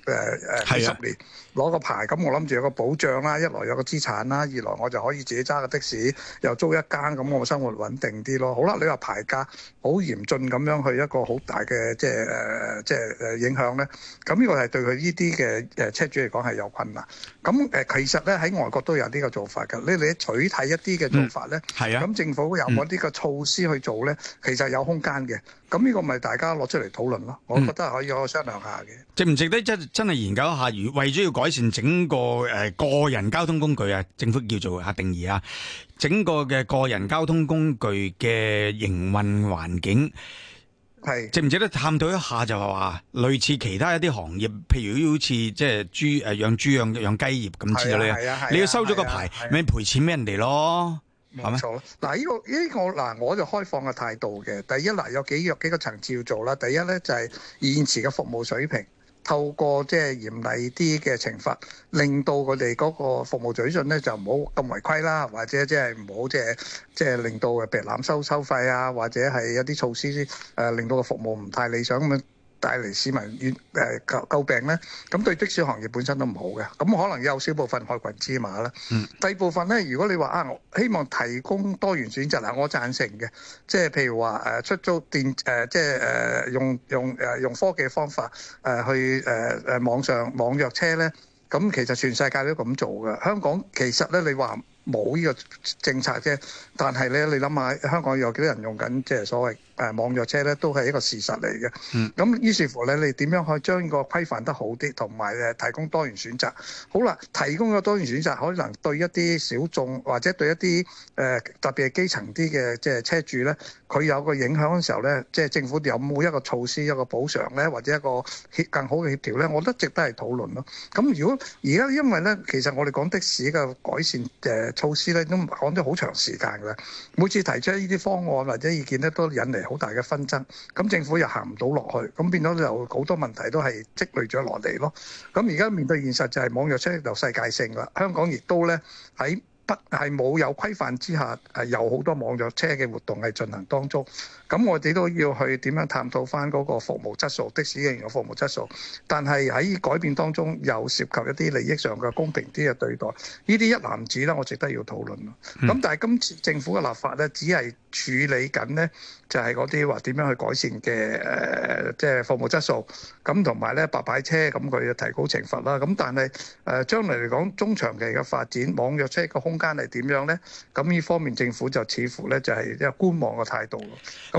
誒幾十年攞個牌，咁我諗住有個保障啦，一來有個資產啦，二來我就可以自己揸個的士，又租一間，咁我生活穩定啲咯。好啦，你話牌價好嚴峻咁樣去一個好大嘅即係誒。呃即係影響咧，咁呢個係對佢呢啲嘅誒車主嚟講係有困難。咁其實咧喺外國都有呢個做法㗎。你你取締一啲嘅做法咧，咁、嗯啊、政府有冇呢個措施去做咧？其實有空間嘅。咁呢個咪大家攞出嚟討論咯、嗯。我覺得可以攞商量下嘅。值唔值得真真係研究一下？如為咗要改善整個誒個人交通工具啊，政府叫做下定義啊，整個嘅個人交通工具嘅營運環境。係，值唔值得探討一下？就係話類似其他一啲行業，譬如好似即係豬誒，養豬養養雞業咁之類啊。你要收咗個牌，咪賠、啊啊啊、錢俾人哋咯，係咪？錯啦，嗱、呢個，呢、呢個呢、呢個嗱，我就開放嘅態度嘅。第一嗱，有幾樣幾個層次要做啦。第一咧就係現時嘅服務水平。透過即係嚴厲啲嘅懲罰，令到佢哋嗰個服務水準咧就唔好咁違規啦，或者即係唔好即係即係令到譬如濫收收費啊，或者係一啲措施先令到個服務唔太理想咁帶嚟市民怨誒詬詬病咧，咁對的士行業本身都唔好嘅，咁可能有少部分害群之馬啦。嗯。第二部分咧，如果你話啊，我希望提供多元選擇，嗱，我贊成嘅，即係譬如話、呃、出租電誒，即係誒用用、呃、用科技方法誒、呃、去誒誒、呃、網上網約車咧，咁其實全世界都咁做嘅。香港其實咧，你話冇呢個政策啫，但係咧，你諗下香港有幾多人用緊即係所謂誒網約車咧都係一個事實嚟嘅，咁、嗯、於是乎咧，你點樣可以將個規範得好啲，同埋誒提供多元選擇？好啦，提供個多元選擇，可能對一啲小眾或者對一啲、呃、特別係基層啲嘅即係車主咧，佢有個影響嘅時候咧，即係政府有冇一個措施有一個補償咧，或者一個更好嘅協調咧，我覺得值得係討論咯。咁如果而家因為咧，其實我哋講的士嘅改善誒措施咧，都講咗好長時間噶啦，每次提出呢啲方案或者意見咧，都引嚟好大嘅紛爭，咁政府又行唔到落去，咁變咗就好多問題都係積累咗落嚟咯。咁而家面對現實就係網約車就世界性啦，香港亦都咧喺不係冇有規範之下，係有好多網約車嘅活動係進行當中。咁我哋都要去點樣探討翻嗰個服務質素，的士嘅服務質素，但係喺改變當中又涉及一啲利益上嘅公平啲嘅對待，呢啲一籃子咧我值得要討論咯。咁、嗯、但係今次政府嘅立法咧，只係處理緊咧就係嗰啲話點樣去改善嘅即係服務質素。咁同埋咧白牌車，咁佢要提高懲罰啦。咁但係誒、呃、將來嚟講中長期嘅發展，網約車嘅空間係點樣咧？咁呢方面政府就似乎咧就係一個觀望嘅態度咯。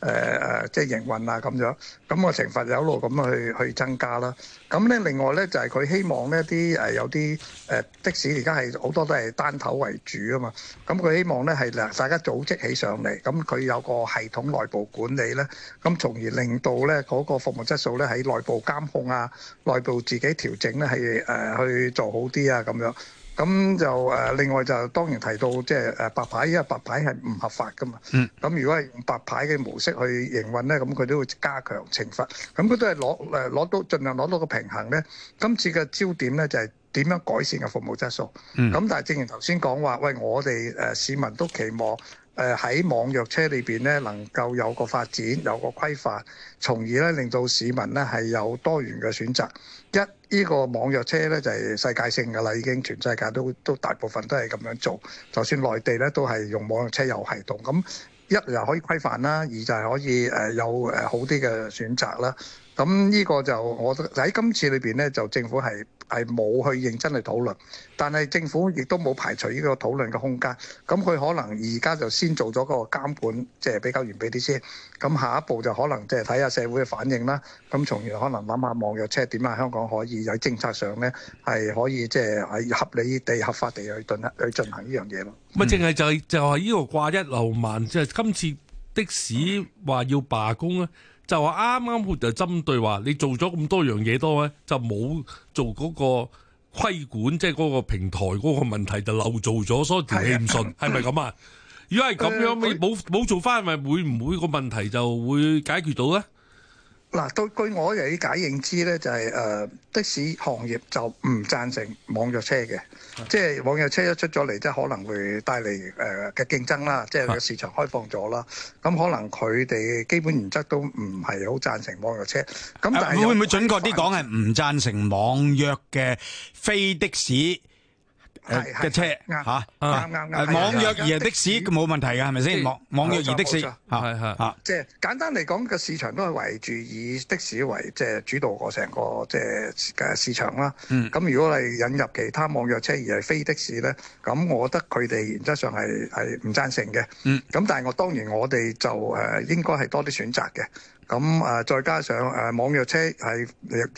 誒、呃、誒，即係營運啊咁樣，咁個懲罰就一路咁去去增加啦。咁咧，另外咧就係、是、佢希望咧啲誒有啲誒、呃、的士而家係好多都係單頭為主啊嘛。咁佢希望咧係嗱大家組織起上嚟，咁佢有個系統內部管理咧，咁從而令到咧嗰、那個服務質素咧喺內部監控啊，內部自己調整咧係誒去做好啲啊咁樣。咁就誒、呃，另外就當然提到即係誒白牌，因為白牌係唔合法噶嘛。嗯。咁如果係用白牌嘅模式去營運咧，咁佢都會加強懲罰。咁佢都係攞攞到，盡量攞到個平衡咧。今次嘅焦點咧就係、係、點樣改善嘅服務質素。嗯。咁但係正如頭先講話，喂，我哋、呃、市民都期望。誒喺網約車裏面咧，能夠有個發展，有個規範，從而咧令到市民咧係有多元嘅選擇。一呢、呢個網約車咧就係世界性㗎啦，已經全世界都都大部分都係咁樣做，就算內地咧都係用網約車遊系統。咁一又可以規範啦，二就係可以誒有誒好啲嘅選擇啦。咁呢個就我喺今次裏邊呢，就政府係係冇去認真去討論，但係政府亦都冇排除呢個討論嘅空間。咁佢可能而家就先做咗個監管，即係比較嚴肅啲先。咁下一步就可能即係睇下社會嘅反應啦。咁從而可能諗下網約車點啊，香港可以喺政策上呢，係可以即係喺合理地、合法地去進,去進行呢樣嘢咯。咪淨係就就係呢度掛一漏萬，即係今次的士話要罷工就話啱啱就針對話你做咗咁多樣嘢多咧，就冇做嗰個規管，即係嗰個平台嗰個問題就漏做咗，所以條氣唔順係咪咁啊？ (laughs) 如果係咁樣， (laughs) 你冇沒冇有 (laughs) 做翻，咪會唔會個問題就會解決到咧？嗱，到據我嘅理解認知咧，就係、是、誒、呃、的士行業就唔贊成網約車嘅、啊，即係網約車一出咗嚟，即係可能會帶嚟誒嘅競爭啦，即係個市場開放咗啦，咁、啊、可能佢哋基本原則都唔係好贊成網約車。咁、嗯、但係會唔會準確啲講係唔贊成網約嘅非的士？係嘅車，是是是，啱、嗯，啱、啊、啱、嗯嗯嗯嗯嗯。網約而係的士冇問題㗎，係咪先？網網約而的士，吓、嗯、吓。即係簡單嚟講，個市場都係圍住以的士為即係主導過成個即係嘅市場啦。嗯。咁如果係引入其他網約車而係非的士咧，咁我覺得佢哋原則上係係唔贊成嘅。嗯。咁但係我當然我哋就誒應該係多啲選擇嘅。咁誒再加上誒網約車係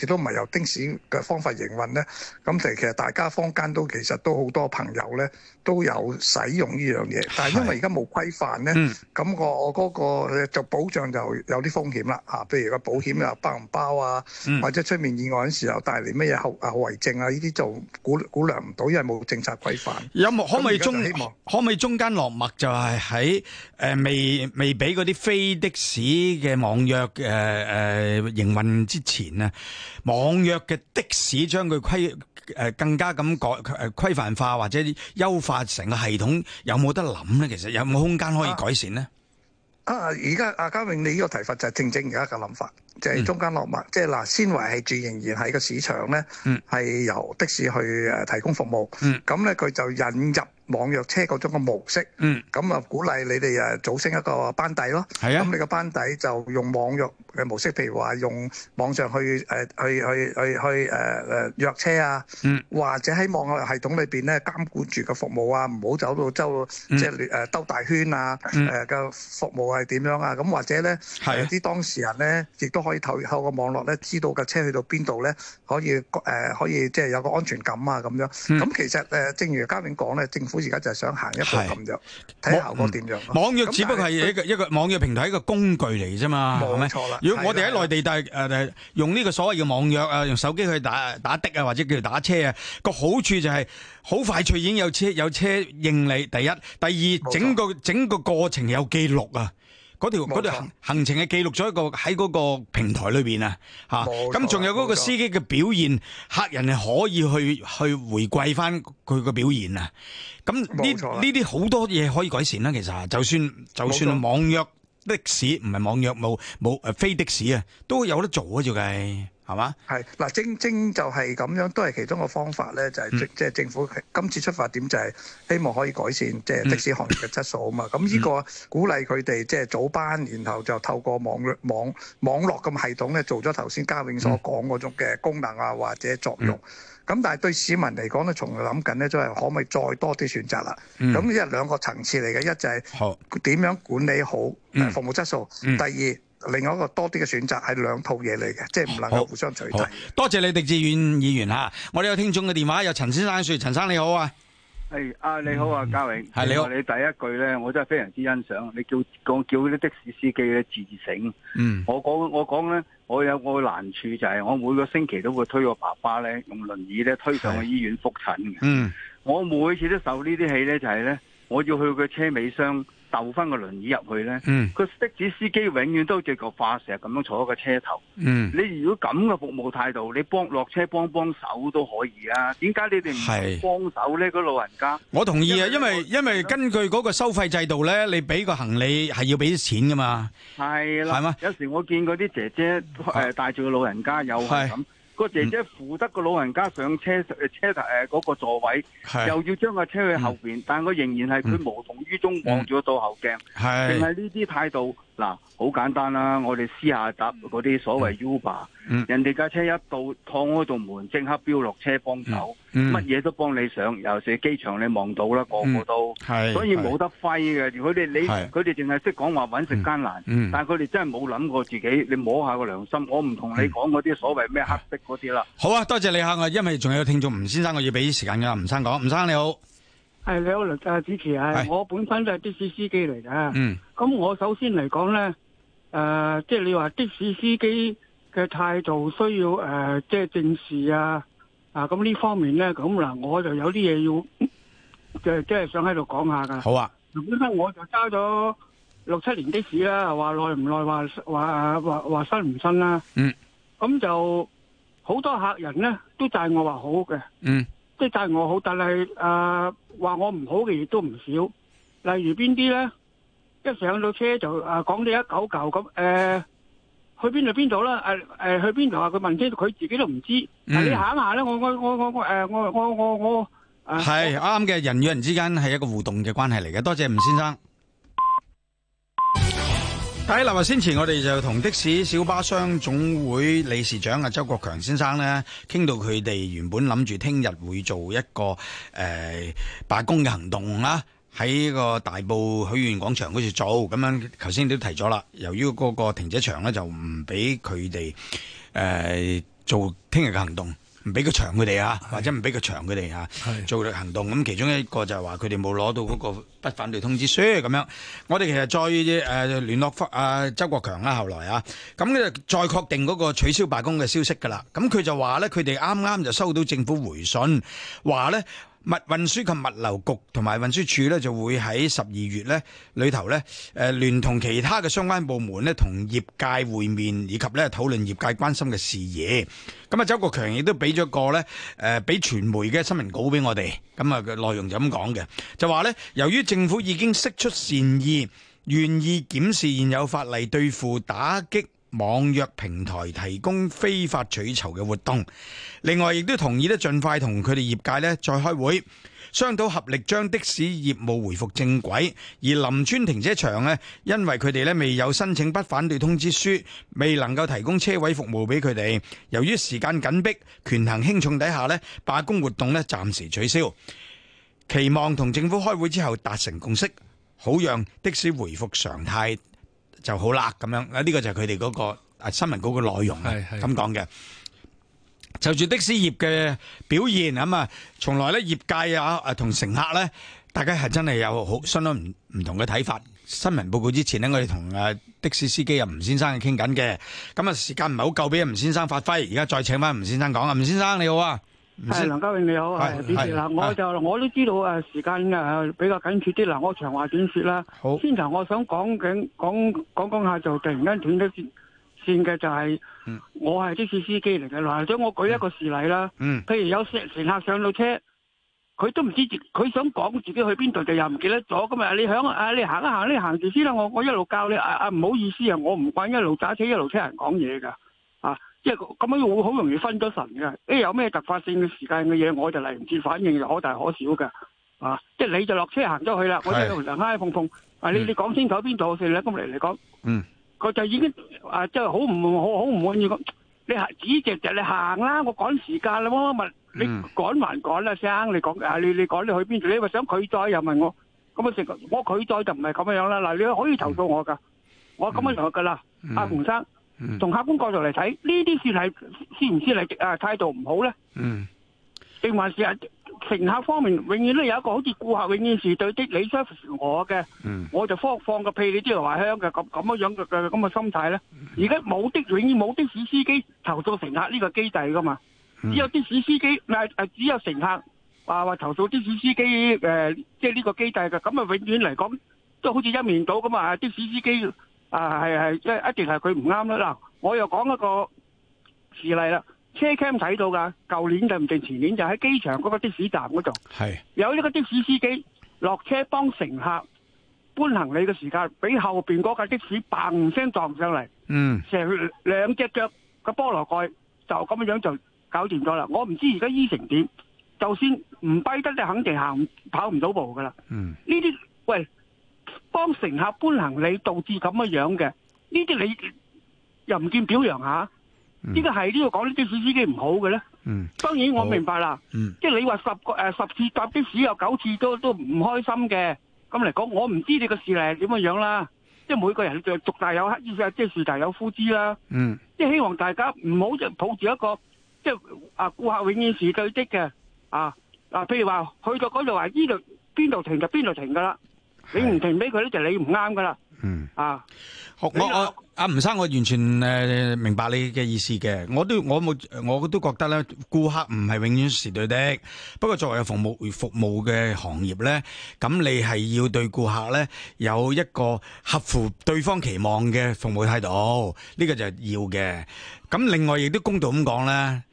亦都唔係由的士嘅方法營運咧，咁其實大家坊間都其實都好多朋友咧都有使用呢樣嘢，但係因為而家冇規範咧，咁我嗰個就保障就有啲風險啦吓，譬如個保險啊包唔包啊、嗯，或者出面意外嘅時候帶嚟咩嘢後後遺症啊，呢啲就估估量唔到，因為冇政策規範，有冇可唔可以中可唔可以中間落墨就係喺、呃、未未俾嗰啲非的士嘅網約。約誒誒營運之前啊，網約嘅的、的士將佢規誒更加咁改誒規範化或者優化成個系統，有冇得諗咧？其實有冇空間可以改善咧？啊！而、啊啊、家阿嘉穎你呢個提法就係正正而家嘅諗法，就係、是、中間落墨，嗯、即係嗱，先維繫住仍然喺個市場咧，係、嗯、由的士去誒提供服務，咁咧佢就引入。網約車嗰種嘅模式，嗯，咁啊鼓勵你哋誒組成一個班底咯，係啊，咁你個班底就用網約嘅模式，譬如話用網上去、呃、去去去去誒誒約車啊，嗯、或者喺網絡系統裏面咧監管住個服務啊，唔好走到周即係誒兜大圈啊，誒、嗯、嘅、呃、服務係點樣啊？咁或者咧有啲當事人咧，亦都可以透，透過個網絡咧，知道架車去到邊度咧，可以誒、呃、可以即係、呃就是、有個安全感啊咁樣。咁、嗯、其實誒，正如嘉明講咧，政府而家就想行一步咁樣，睇效果點樣。網約、嗯、只不過係一個一個網約平台一個工具嚟啫嘛，冇咩錯啦。 (laughs) 如果我哋喺內地，但係誒用呢個所謂嘅網約啊，用手機去打打的啊，或者叫做打車啊，個好處就係好快脆已經有車有車應你。第一，第二整個整個過程有記錄啊，嗰條嗰條行行程係記錄咗一個喺嗰個平台裏邊啊，嚇。咁仲有嗰個司機嘅表現，客人係可以去去回饋返佢個表現啊。咁呢呢啲好多嘢可以改善啦，其實就算就算網約。的士唔係網約車，冇誒，非的士啊，都有得做啊，照計係嘛？係嗱，正正就係咁樣，都係其中個方法咧，就係即係政府今次出發點就係希望可以改善即係的士行業嘅質素啊嘛。咁、嗯、呢個鼓勵佢哋即係早班，然後就透過網絡網網絡咁系統咧，做咗頭先嘉永所講嗰種嘅功能啊，或者作用。嗯嗯咁但係對市民嚟講咧，從嚟諗緊咧，就係可唔可以再多啲選擇啦？咁呢係兩個層次嚟嘅，一就係點樣管理好服務質素；嗯嗯、第二，另外一個多啲嘅選擇係兩套嘢嚟嘅，即係唔能夠互相取代。多謝你狄志遠議員嚇，我哋有聽眾嘅電話，有陳先生説：陳生你好啊！係、嗯、啊，你好啊，嘉穎。你好，你，你第一句咧，我真係非常之欣賞。你叫講叫啲的士司機咧自醒。嗯，我講我講咧，我有個難處就係、是，我每個星期都會推我爸爸咧，用輪椅咧推上去醫院復診嘅。嗯，我每次都受呢啲氣咧，就係、是、咧，我要去個車尾箱。斗翻個輪椅入去咧，個、嗯、的士司機永遠都似個化石咁樣坐喺個車頭。嗯，你如果咁嘅服務態度，你幫落車幫幫手都可以啊。點解你哋唔係幫手咧？個老人家，我同意啊，因為因為，因為根據嗰個收費制度咧，你俾個行李係要俾啲錢噶嘛。係啦，係嘛，有時我見嗰啲姐姐誒帶住個老人家又係咁。個、嗯、姐姐扶得個老人家上車誒車頭誒嗰、呃那個座位，又要將個車去後邊、嗯，但係我仍然係佢無動於衷、嗯、望住個倒後鏡，淨係呢啲態度，嗱好簡單啦，我哋私下搭嗰啲所謂 Uber，、嗯、人哋架車一到，趟開度門，即刻飆落車幫手。嗯乜、嗯、嘢都幫你上，尤其是機場你望到啦，個個都，嗯、所以冇得揮嘅。如果你你佢哋淨係識講話揾食艱難，嗯嗯、但係佢哋真係冇諗過自己。你摸下個良心，我唔同你講嗰啲所謂咩黑色嗰啲啦。好啊，多謝你吓，我因為仲有聽眾吳先生，我要俾時間噶，吳生講。吳生你好，係你好，啊主持啊，我本身就係的士司機嚟嘅。嗯，咁我首先嚟講咧，誒、呃，即、就、係、是、你話的士司機嘅態度需要誒，即、呃、係、就是、正視啊。啊，咁呢方面咧，咁嗱，我就有啲嘢要，就即係、即係、想喺度講下噶。好啊，本身我就揸咗六七年的士啦，話耐唔耐，話話話話新唔新啦。嗯，咁就好多客人咧都讚我話好嘅。嗯，即、就、係、是、讚我好，但係誒話我唔好嘅嘢都唔少。例如邊啲咧？一上到車就誒講你一嚿嚿咁誒。去邊度邊度啦？誒誒，去邊度啊？佢問車，佢自己都唔知。你行一下咧，我我我我誒，我我我我係啱嘅。人與人之間係一個互動嘅關係嚟嘅。多謝吳先生。喺立話先前，我哋就同的士小巴商總會理事長阿周國強先生咧，傾到佢哋原本諗住聽日會做一個誒罷工嘅行動啦。喺個大埔許願廣場嗰處做咁樣，頭先你都提咗啦。由於嗰個停車場咧就唔俾佢哋誒做聽日嘅行動，唔俾個場佢哋啊，或者唔俾個場佢哋啊做嘅行動。咁其中一個就係話佢哋冇攞到嗰個不反對通知書咁樣。我哋其實再誒聯絡翻啊周國強啦，後來啊，咁咧再確定嗰個取消罷工嘅消息噶啦。咁佢就話咧，佢哋啱啱就收到政府回信，話咧。物運輸及物流局同埋運輸署呢就會喺十二月呢裏頭呢誒，聯同其他嘅相關部門呢同業界會面，以及呢討論業界關心嘅事宜。咁啊，周國強亦都俾咗個呢誒，俾、呃、傳媒嘅新聞稿俾我哋。咁啊，內容就咁講嘅，就話呢由於政府已經釋出善意，願意檢視現有法例，對付打擊。網約平台提供非法取酬嘅活動，另外亦都同意咧盡快同佢哋業界咧再開會，商討合力將的士業務回復正軌。而林村停車場咧，因為佢哋咧未有申請不反對通知書，未能夠提供車位服務俾佢哋。由於時間緊迫，權衡輕重底下咧，罷工活動咧暫時取消，期望同政府開會之後達成共識，好讓的士回復常態。就好喇，咁樣，呢個就係佢哋嗰個新聞稿嘅內容，咁講嘅。就住的士業嘅表現，咁啊，從來咧業界啊，同乘客咧，大家係真係有好相當唔唔同嘅睇法。新聞報告之前咧，我哋同誒的士司機阿吳先生傾緊嘅，咁啊，時間唔係好夠俾吳先生發揮，而家再請翻吳先生講啊。吳先生你好啊。係梁家榮你好，係，嗱，我就我都知道啊，時間啊比較緊絀啲嗱，我長話短說啦。先頭我想講緊講講講下就突然間斷咗線線嘅就係，我係的士司機嚟嘅。嗱，所以我舉一個事例啦。嗯。譬如有乘客上到車，佢都唔知佢想講自己去邊度就又唔記得咗咁嘛？你響啊，你行一行，你行住先啦。我我一路教你啊啊，唔好意思啊，我唔慣一路揸車一路聽人講嘢噶。即係咁樣會好容易分咗神嘅，誒、欸、有咩突發性嘅時間嘅嘢，我就嚟唔切反應，就可大可小嘅，啊！即、就、係、是、你就落車行咗去啦，我喺度挨挨碰碰，啊！你你講清楚邊度先啦，咁嚟嚟講，嗯，佢、嗯、就已經啊，即係好唔好，好唔滿意咁，你行只止止行啦，我趕時間啦，我問你趕還趕啦，聲你講啊，你趕趕你趕你，你，你去邊度？你話想拒載又問我，咁啊成我拒載就唔係咁樣樣啦，嗱，你可以投訴我噶，我咁樣做噶啦，阿、嗯、洪、啊、生。從客觀角度嚟睇，算不算啊，不好呢啲，算係算唔算係啊態度唔好咧？嗯，定還是係乘客方面，永遠都有一個好似顧客，永遠是對的，你 service 我嘅，嗯，我就放放個屁你都係聞香嘅咁咁樣樣嘅咁嘅心態咧。而家冇的永遠冇的士司機投訴乘客呢個機制噶嘛，嗯，只有的士司機係，呃、只有乘客話話，啊、投訴的士司機誒，即係呢個機制嘅咁啊，永遠嚟講都好似一面倒咁啊，的士司機。呃就是啊，係係，即係一定係佢唔啱啦。嗱，啊，我又講一個事例啦，車 cam 睇到噶，舊年定唔定前年就喺機場嗰個的士站嗰度，係有一個的士司機落車幫乘客搬行李嘅時間，俾後邊嗰架的士嘭聲撞上嚟，嗯，成兩隻腳個菠蘿蓋就咁樣就搞掂咗啦。我唔知而家醫成點，就算唔跛得咧，肯定行跑唔到步噶啦。嗯，呢啲喂。幫乘客搬行李導致咁嘅樣嘅，呢啲你又唔見表揚下？嗯、小小呢個係呢度講呢啲的士司機唔好嘅咧。當然我明白啦，即係你話十個誒、呃、十次搭的士有九次都都唔開心嘅。咁嚟講，我唔知你個事例係點嘅樣啦。即、就、係、是、每個人就族大有乞兒，意思即係樹大有枯枝啦。即、就、係、是、希望大家唔好就抱住一個即係啊顧客永遠是對的嘅啊譬、啊、如話去到嗰度話呢度邊度停就邊度停噶啦。你唔停俾佢咧，就你唔啱噶啦。嗯啊，我我阿吳生，我完全誒明白你嘅意思嘅。我都我冇，我都覺得咧，顧客唔係永遠是對的。不過作為服務服務嘅行業咧，咁你係要對顧客咧有一個合乎對方期望嘅服務態度，呢個就要嘅。咁另外亦都公道咁講咧。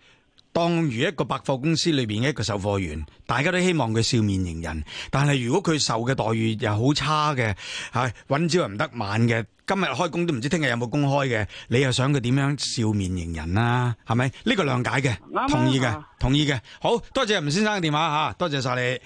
當如一個百貨公司裏邊嘅一個售貨員，大家都希望佢笑面迎人。但係如果佢受嘅待遇又好差嘅，係揾朝又唔得晚嘅，今日開工都唔知聽日有冇工開嘅，你又想佢點樣笑面迎人啊？係咪？呢個諒解嘅，同意嘅，同意嘅。好多謝吳先生嘅電話吓，多謝晒你。